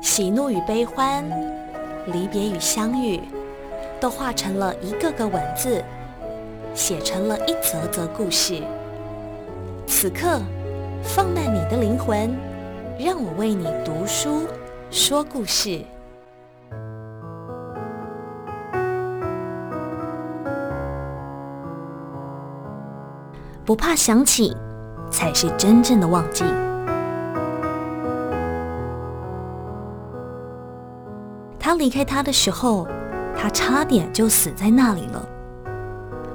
喜怒與悲歡，離別與相遇，都化成了一個個文字，寫成了一則則故事。此刻，放慢你的靈魂，讓我為你讀書，說故事。不怕想起，才是真正的忘記。離開他的時候，他差點就死在那裡了。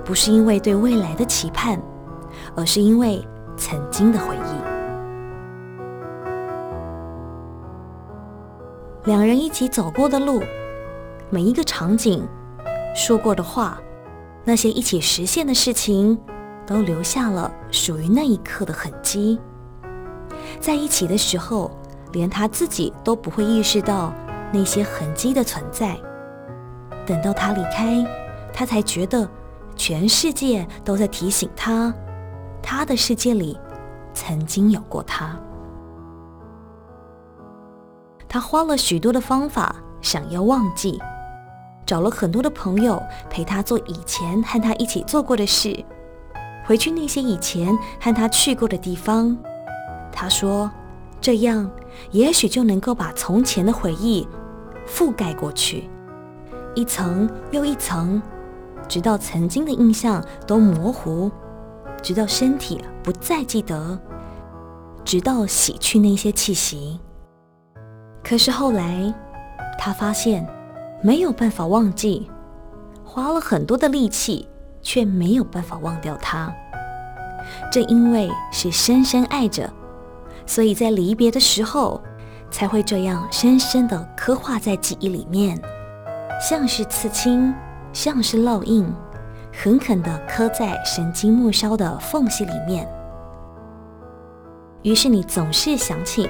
不是因為對未來的期盼，而是因為曾經的回憶。兩人一起走過的路，每一個場景，說過的話，那些一起實現的事情，都留下了屬於那一刻的痕跡。在一起的時候，連他自己都不會意識到。那些痕跡的存在，等到他離開，他才覺得全世界都在提醒他，他的世界裡曾經有過他。他花了許多的方法想要忘記，找了很多的朋友陪他做以前和他一起做過的事，回去那些以前和他去過的地方。他說，這樣也許就能夠把從前的回憶。覆蓋過去，一層又一層，直到曾經的印象都模糊，直到身體不再記得，直到洗去那些氣息。可是後來，他發現沒有辦法忘記，花了很多的力氣，卻沒有辦法忘掉他。正因為是深深愛着，所以在離別的時候。才會這樣深深地刻畫在記憶裡面，像是刺青，像是烙印，狠狠地刻在神經末梢的縫隙裡面。於是你總是想起，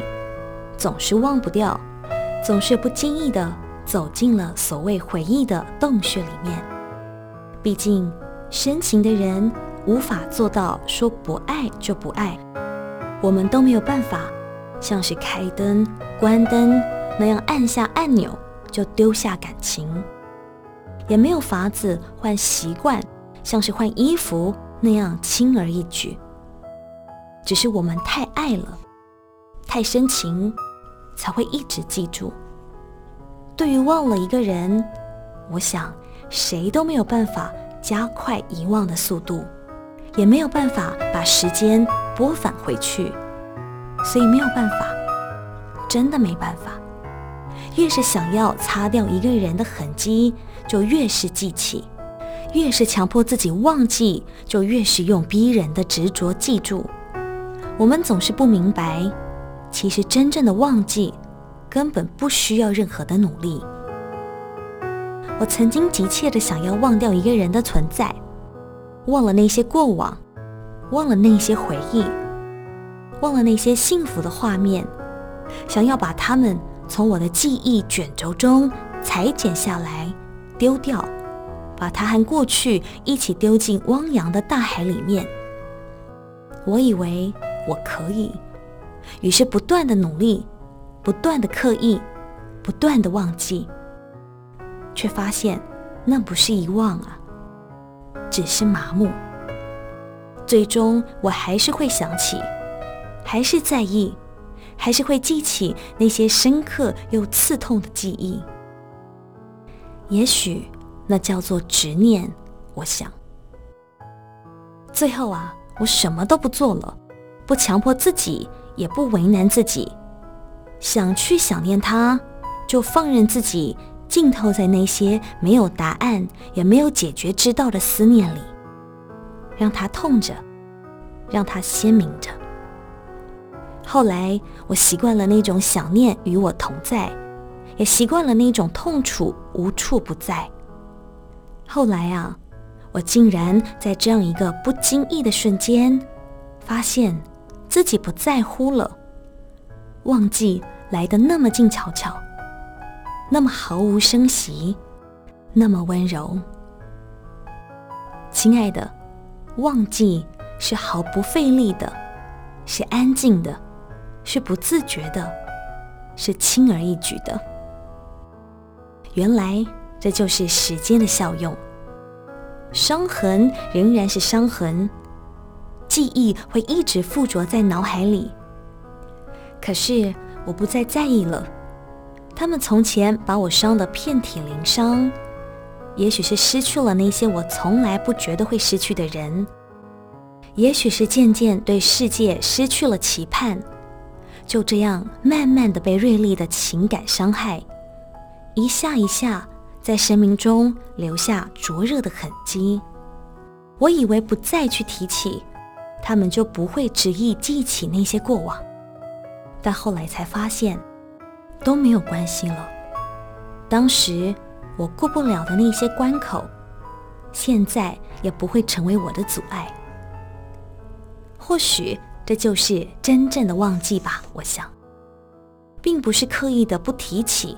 總是忘不掉，總是不經意地走進了所謂回憶的洞穴裡面。畢竟深情的人無法做到說不愛就不愛，我們都沒有辦法。像是開燈、關燈那樣按下按鈕就丟下感情，也沒有法子換習慣，像是換衣服那樣輕而易舉。只是我們太愛了，太深情，才會一直記住。對於忘了一個人，我想誰都沒有辦法加快遺忘的速度，也沒有辦法把時間撥返回去。所以沒有辦法，真的沒辦法。越是想要擦掉一個人的痕迹，就越是記起；越是強迫自己忘記，就越是用逼人的執着記住。我們總是不明白，其實真正的忘記根本不需要任何的努力。我曾經急切的想要忘掉一個人的存在，忘了那些過往，忘了那些回憶。忘了那些幸福的畫面，想要把它們從我的記憶卷軸中裁剪下來，丟掉，把它和過去一起丟進汪洋的大海裡面。我以為我可以，於是不斷的努力，不斷的刻意，不斷的忘記，卻發現那不是遺忘啊，只是麻木。最終我還是會想起。還是在意，還是會記起那些深刻又刺痛的記憶。也許那叫做執念，我想。最後啊，我什麼都不做了，不強迫自己，也不為難自己。想去想念他，就放任自己浸透在那些沒有答案，也沒有解決之道的思念裡，讓他痛着，讓他鮮明着。後來，我習慣了那種想念與我同在，也習慣了那種痛楚無處不在。後來啊，我竟然在這樣一個不經意的瞬間，發現自己不在乎了，忘記來得那麼靜悄悄，那麼毫無聲息，那麼溫柔。親愛的，忘記是毫不費力的，是安靜的。是不自覺的，是輕而易舉的。原來這就是時間的效用。傷痕仍然是傷痕，記憶會一直附着在腦海裡。可是我不再在意了。他們從前把我傷得遍體鱗傷，也許是失去了那些我從來不覺得會失去的人，也許是漸漸對世界失去了期盼。就這樣，慢慢的被銳利的情感傷害，一下一下，在生命中留下灼熱的痕跡。我以為不再去提起，他們就不會執意記起那些過往。但後來才發現，都沒有關係了。當時我過不了的那些關口，現在也不會成為我的阻礙。或許。這就是真正的忘記吧，我想。並不是刻意的不提起，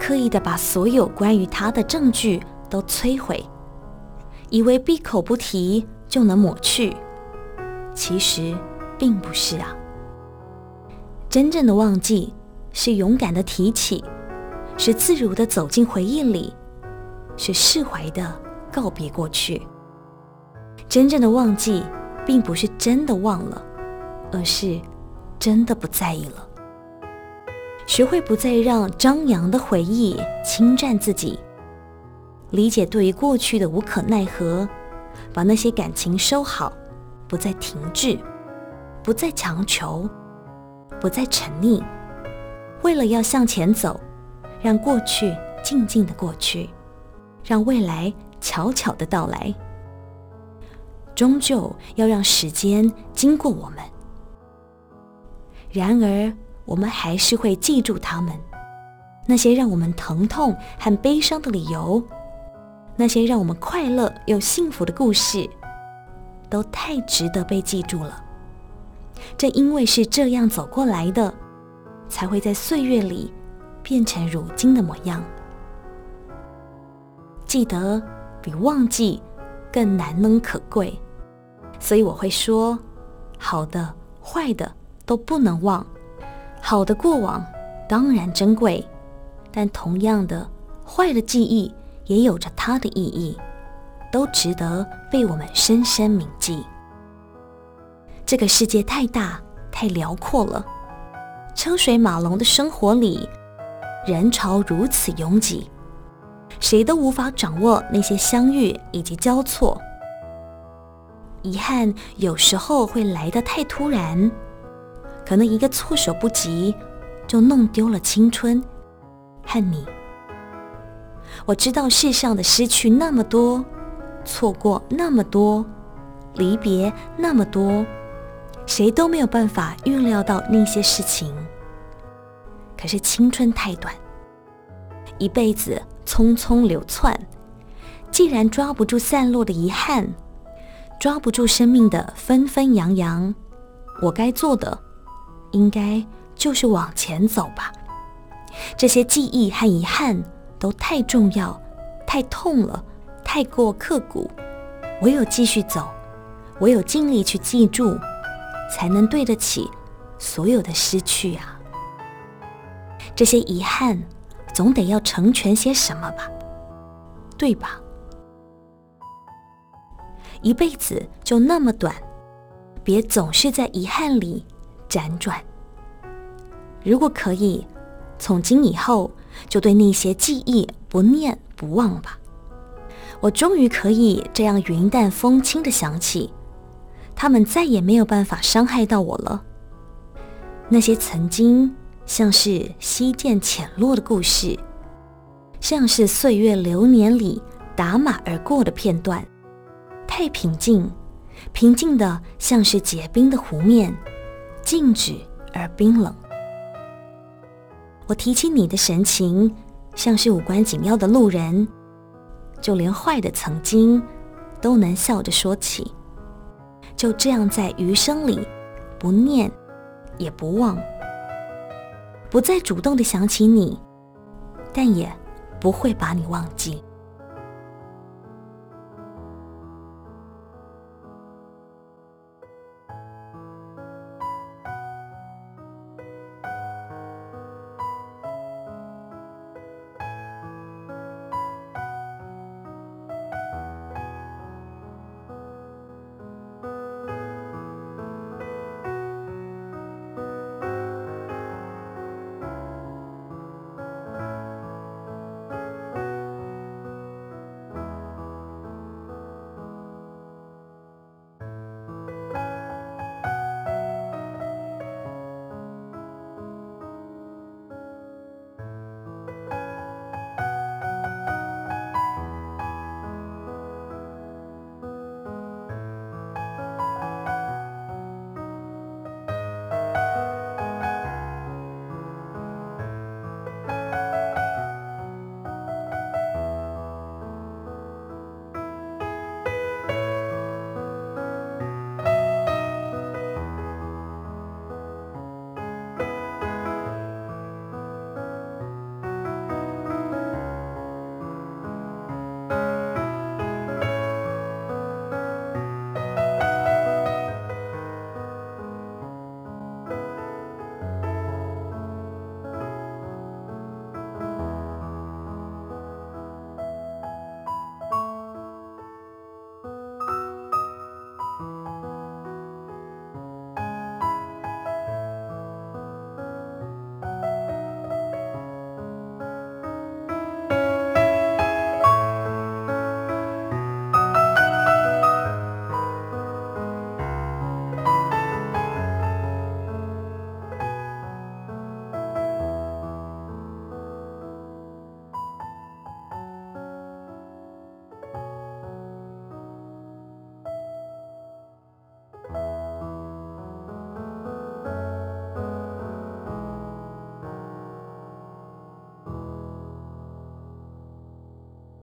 刻意的把所有關於他的證據都摧毀，以為閉口不提就能抹去。其實並不是啊。真正的忘記是勇敢的提起，是自如的走進回憶裡，是釋懷的告別過去。真正的忘記，並不是真的忘了，而是真的不在意了，學會不再讓張揚的回憶侵佔自己，理解對於過去的無可奈何，把那些感情收好，不再停滯，不再強求，不再沉溺。為了要向前走，讓過去靜靜的過去，讓未來悄悄的到來，終究要讓時間經過我們。然而，我們還是會記住他們那些讓我們疼痛和悲傷的理由，那些讓我們快樂又幸福的故事，都太值得被記住了。正因為是這樣走過來的，才會在歲月裡變成如今的模樣。記得比忘記更難能可貴，所以我會說，好的，壞的。都不能忘，好的過往當然珍貴，但同樣的，壞的記憶也有着它的意義，都值得被我們深深銘記。這個世界太大、太遼闊了，車水馬龍的生活裡，人潮如此擁擠，誰都無法掌握那些相遇以及交錯。遺憾有時候會來得太突然。可能一個措手不及，就弄丟了青春，恨你。我知道世上的失去那麼多，錯過那麼多，離別那麼多，誰都沒有辦法預料到那些事情。可是青春太短，一輩子匆匆流竄，既然抓不住散落的遺憾，抓不住生命的紛紛揚揚，我該做的。應該就是往前走吧。這些記憶和遺憾都太重要、太痛了、太過刻骨。唯有繼續走，唯有盡力去記住，才能對得起所有的失去啊。這些遺憾，總得要成全些什麼吧，對吧？一輩子就那麼短，別總是在遺憾裡。輾轉，如果可以，從今以後就對那些記憶不念不忘吧。我終於可以這樣雲淡風輕地想起，他們再也沒有辦法傷害到我了。那些曾經像是溪澗淺落的故事，像是歲月流年裡打馬而過的片段，太平靜，平靜得像是結冰的湖面。靜止而冰冷。我提起你的神情，像是無關緊要的路人，就連壞的曾經，都能笑着說起。就這樣在餘生裡，不念，也不忘，不再主動的想起你，但也不會把你忘記。